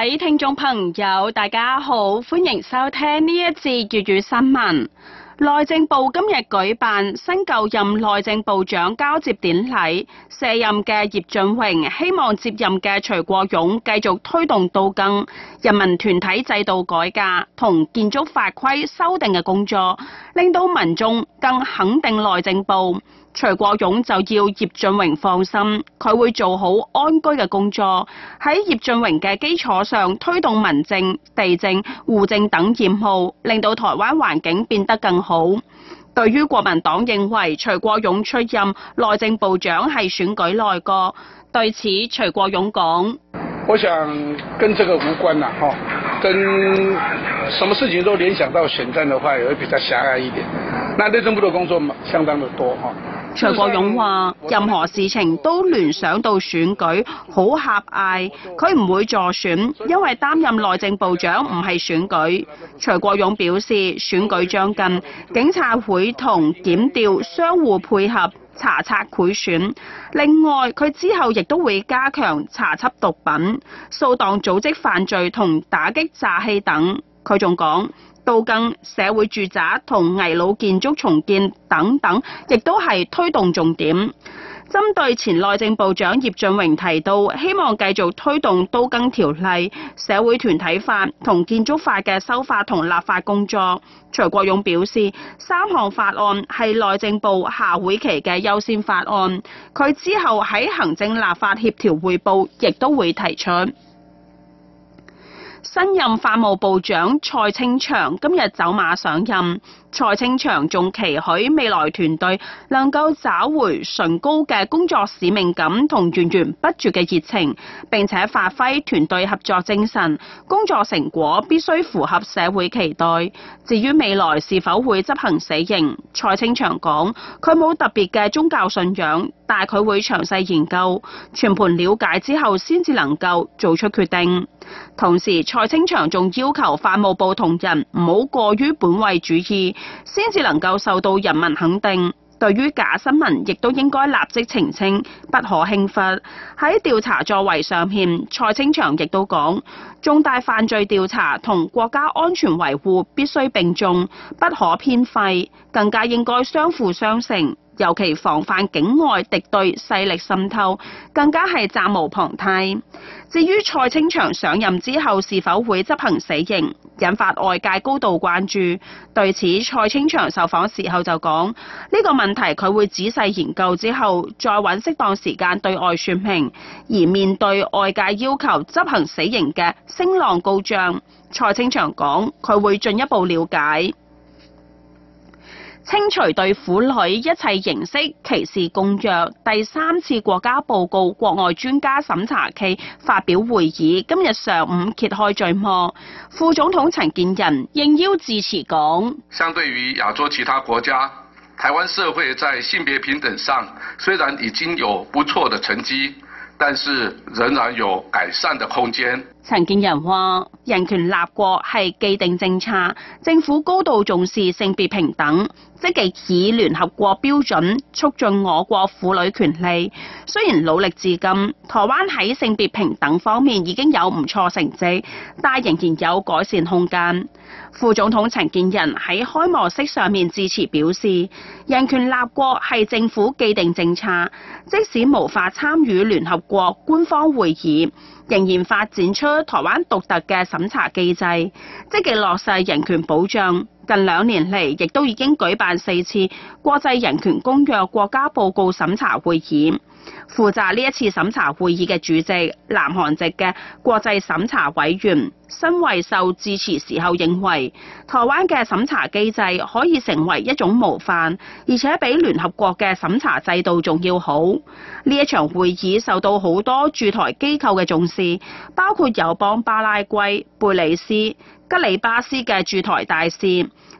各位聽眾朋友，大家好，歡迎收聽呢一節粵語新聞。內政部今日舉辦新舊任內政部長交接典禮，卸任嘅葉俊榮希望接任嘅徐國勇繼續推動到更人民團體制度改革同建築法規修訂嘅工作，令到民眾更肯定內政部。徐國勇就要葉俊榮放心，佢會做好安居嘅工作，喺葉俊榮嘅基礎上推動民政、地政、戶政等業務，令到台灣環境變得更好。對於國民黨認為徐國勇出任內政部長係選舉內閣，對此徐國勇講：我想跟這個無關啦，跟什麼事情都聯想到選戰的話，也會比較狹隘一點。那內政部的工作相當的多，嗬。徐國勇話：任何事情都聯想到選舉，好狹隘。佢唔會助選，因為擔任內政部長唔係選舉。徐國勇表示，選舉將近，警察會同檢調相互配合查察賄選。另外，佢之後亦都會加強查緝毒品、掃蕩組織犯罪同打擊詐欺等。佢仲講：都更、社會住宅同危老建築重建等等，亦都係推動重點。針對前內政部長葉俊榮提到，希望繼續推動都更條例、社會團體法同建築法嘅修法同立法工作。徐國勇表示，三項法案係內政部下會期嘅優先法案，佢之後喺行政立法協調會報亦都會提出。新任法務部長蔡清祥今日走馬上任。蔡清祥仲期許未來團隊能夠找回崇高嘅工作使命感同源源不絕嘅熱情，並且發揮團隊合作精神。工作成果必須符合社會期待。至於未來是否會執行死刑，蔡清祥講，佢冇特別嘅宗教信仰，但佢會詳細研究、全盤了解之後先至能夠做出決定。同時，蔡清祥仲要求法務部同仁唔好過於本位主義。先至能夠受到人民肯定。對於假新聞，亦都應該立即澄清，不可輕忽。喺調查作為上面，蔡清祥亦都講，重大犯罪調查同國家安全維護必須並重，不可偏廢，更加應該相輔相成。尤其防範境外敵對勢力滲透，更加係責無旁貸。至於蔡清祥上任之後是否會執行死刑，引發外界高度關注。對此，蔡清祥受訪時候就講呢、這個問題，佢會仔細研究之後再揾適當時間對外宣佈。而面對外界要求執行死刑嘅聲浪高漲，蔡清祥講，佢會進一步了解。消除對婦女一切形式歧視公約第三次國家報告國外專家審查期發表會議今日上午揭開序幕，副總統陳建仁應邀致辭講：相對於亞洲其他國家，台灣社會在性別平等上雖然已經有不錯的成績，但是仍然有改善的空間。陳建仁話：人權立國係既定政策，政府高度重視性別平等，積極以聯合國標準促進我國婦女權利。雖然努力至今，台灣喺性別平等方面已經有唔錯成績，但仍然有改善空間。副總統陳建仁喺開幕式上面致辭表示：人權立國係政府既定政策，即使無法參與聯合國官方會議，仍然發展出台灣獨特嘅審查機制，積極落實人權保障。近兩年嚟，亦都已經舉辦四次國際人權公約國家報告審查會議。負責呢一次審查會議嘅主席，南韓籍嘅國際審查委員，新維秀致詞時候認為，台灣嘅審查機制可以成為一種模範，而且比聯合國嘅審查制度仲要好。呢一場會議受到好多駐台機構嘅重視，包括友邦、巴拉圭、貝里斯。吉里巴斯嘅駐台大使、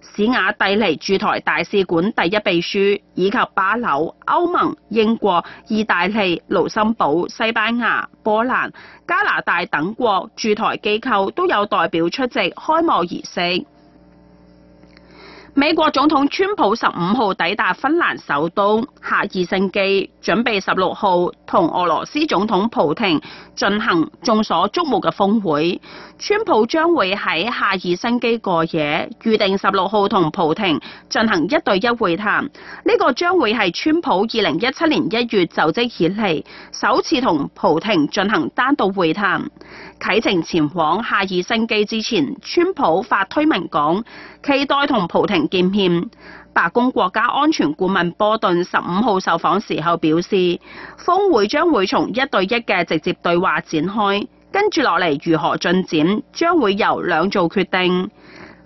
史瓦蒂尼駐台大使館第一秘書，以及巴紐、歐盟、英國、意大利、盧森堡、西班牙、波蘭、加拿大等國駐台機構都有代表出席開幕儀式。美國總統川普十五號抵達芬蘭首都赫爾辛基準備十六號，同俄羅斯總統蒲亭進行眾所矚目嘅峰會，川普將會喺赫爾辛基過夜，預定十六號同蒲亭進行一對一會談。呢個將會係川普二零一七年一月就職以嚟，首次同蒲亭進行單獨會談。啟程前往赫爾辛基之前，川普發推文講，期待同蒲亭見面。白宮國家安全顧問波頓十五號受訪時候表示，峰會將會從一對一嘅直接對話展開，跟住落嚟如何進展將會由兩造決定。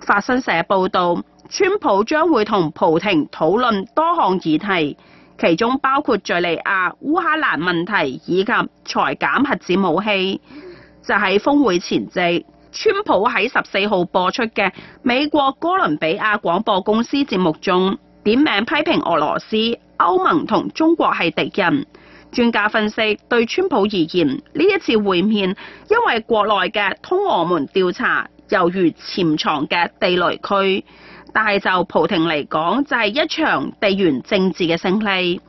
法新社報道，川普將會同蒲亭討論多項議題，其中包括敘利亞、烏克蘭問題以及裁減核子武器。就喺峰會前夕，川普喺十四號播出嘅美國哥倫比亞廣播公司節目中，點名批評俄羅斯、歐盟同中國係敵人。專家分析，對川普而言，呢一次會面因為國內嘅通俄門調查猶如潛藏嘅地雷區，但係就蒲亭嚟講，就係、是、一場地緣政治嘅勝利。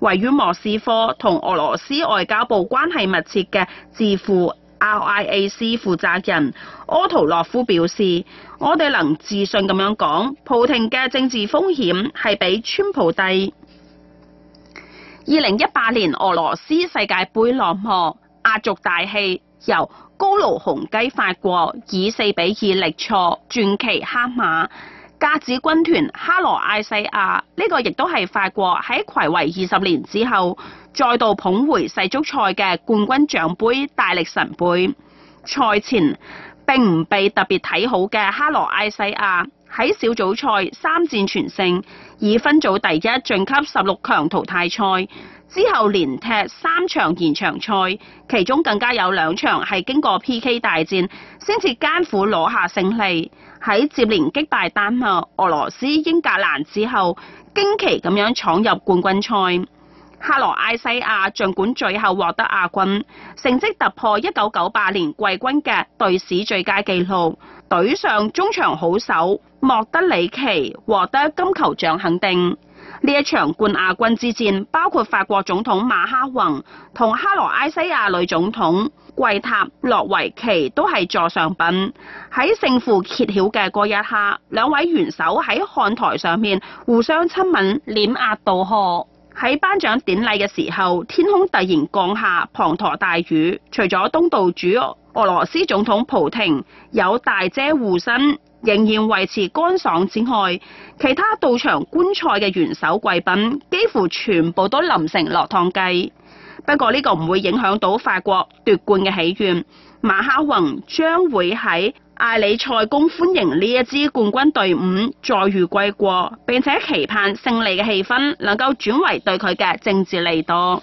位於莫斯科同俄羅斯外交部關係密切嘅智庫。Riac 負責人柯圖洛夫表示：我哋能自信咁樣講，蒲亭嘅政治風險係比川普低。二零一八年俄羅斯世界杯落幕，壓軸大戲由高盧雄雞法國以四比二力挫傳奇黑馬。格子軍團克羅埃西亞呢、這個亦都係法國喺睽違二十年之後再度捧回世足賽嘅冠軍獎杯大力神杯。賽前並唔被特別睇好嘅克羅埃西亞喺小組賽三戰全勝，以分組第一晉級十六強淘汰賽。之後連踢三場延長賽，其中更加有兩場係經過 P.K. 大戰，先至艱苦攞下勝利。喺接連擊敗丹麥、俄羅斯、英格蘭之後，驚奇咁樣闖入冠軍賽。克羅埃西亞盡管最後獲得亞軍，成績突破一九九八年季軍嘅隊史最佳紀錄。隊上中場好手莫德里奇獲得金球獎肯定。呢一場冠亞軍之戰，包括法國總統馬克宏同克羅埃西亞女總統桂塔洛維奇都係座上賓。喺勝負揭曉嘅嗰一刻，兩位元首喺看台上面互相親吻、臉壓道賀。喺頒獎典禮嘅時候，天空突然降下滂沱大雨，除咗東道主俄羅斯總統蒲亭，有大遮護身，仍然維持乾爽之外，其他到場觀賽嘅元首貴賓幾乎全部都淋成落湯雞。不過呢個唔會影響到法國奪冠嘅喜悅，馬哈宏將會喺艾里塞宮歡迎呢一支冠軍隊伍再遇歸國，並且期盼勝利嘅氣氛能夠轉為對佢嘅政治利多。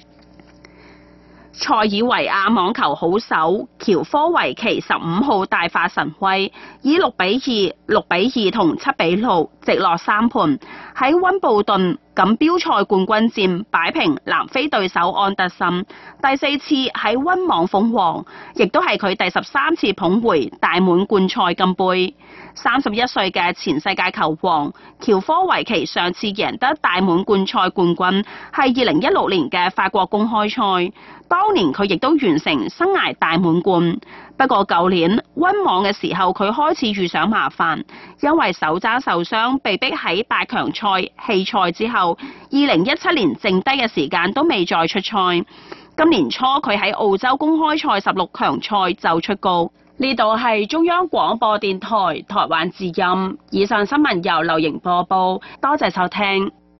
塞爾維亞網球好手喬科維奇十五號大發神威，以六比二、六比二同七比六直落三盤喺溫布頓錦標賽冠軍戰擺平南非對手安德森，第四次喺溫網封王，亦都係佢第十三次捧回大滿貫賽金盃。三十一歲嘅前世界球王喬科維奇上次贏得大滿貫賽冠軍係二零一六年嘅法國公開賽。當年佢亦都完成生涯大滿貫，不過舊年溫網嘅時候佢開始遇上麻煩，因為手踭受傷，被逼喺八強賽棄賽之後，二零一七年剩低嘅時間都未再出賽。今年初佢喺澳洲公開賽十六強賽就出告。呢度係中央廣播電台台灣之音，以上新聞由劉瑩播報，多謝收聽。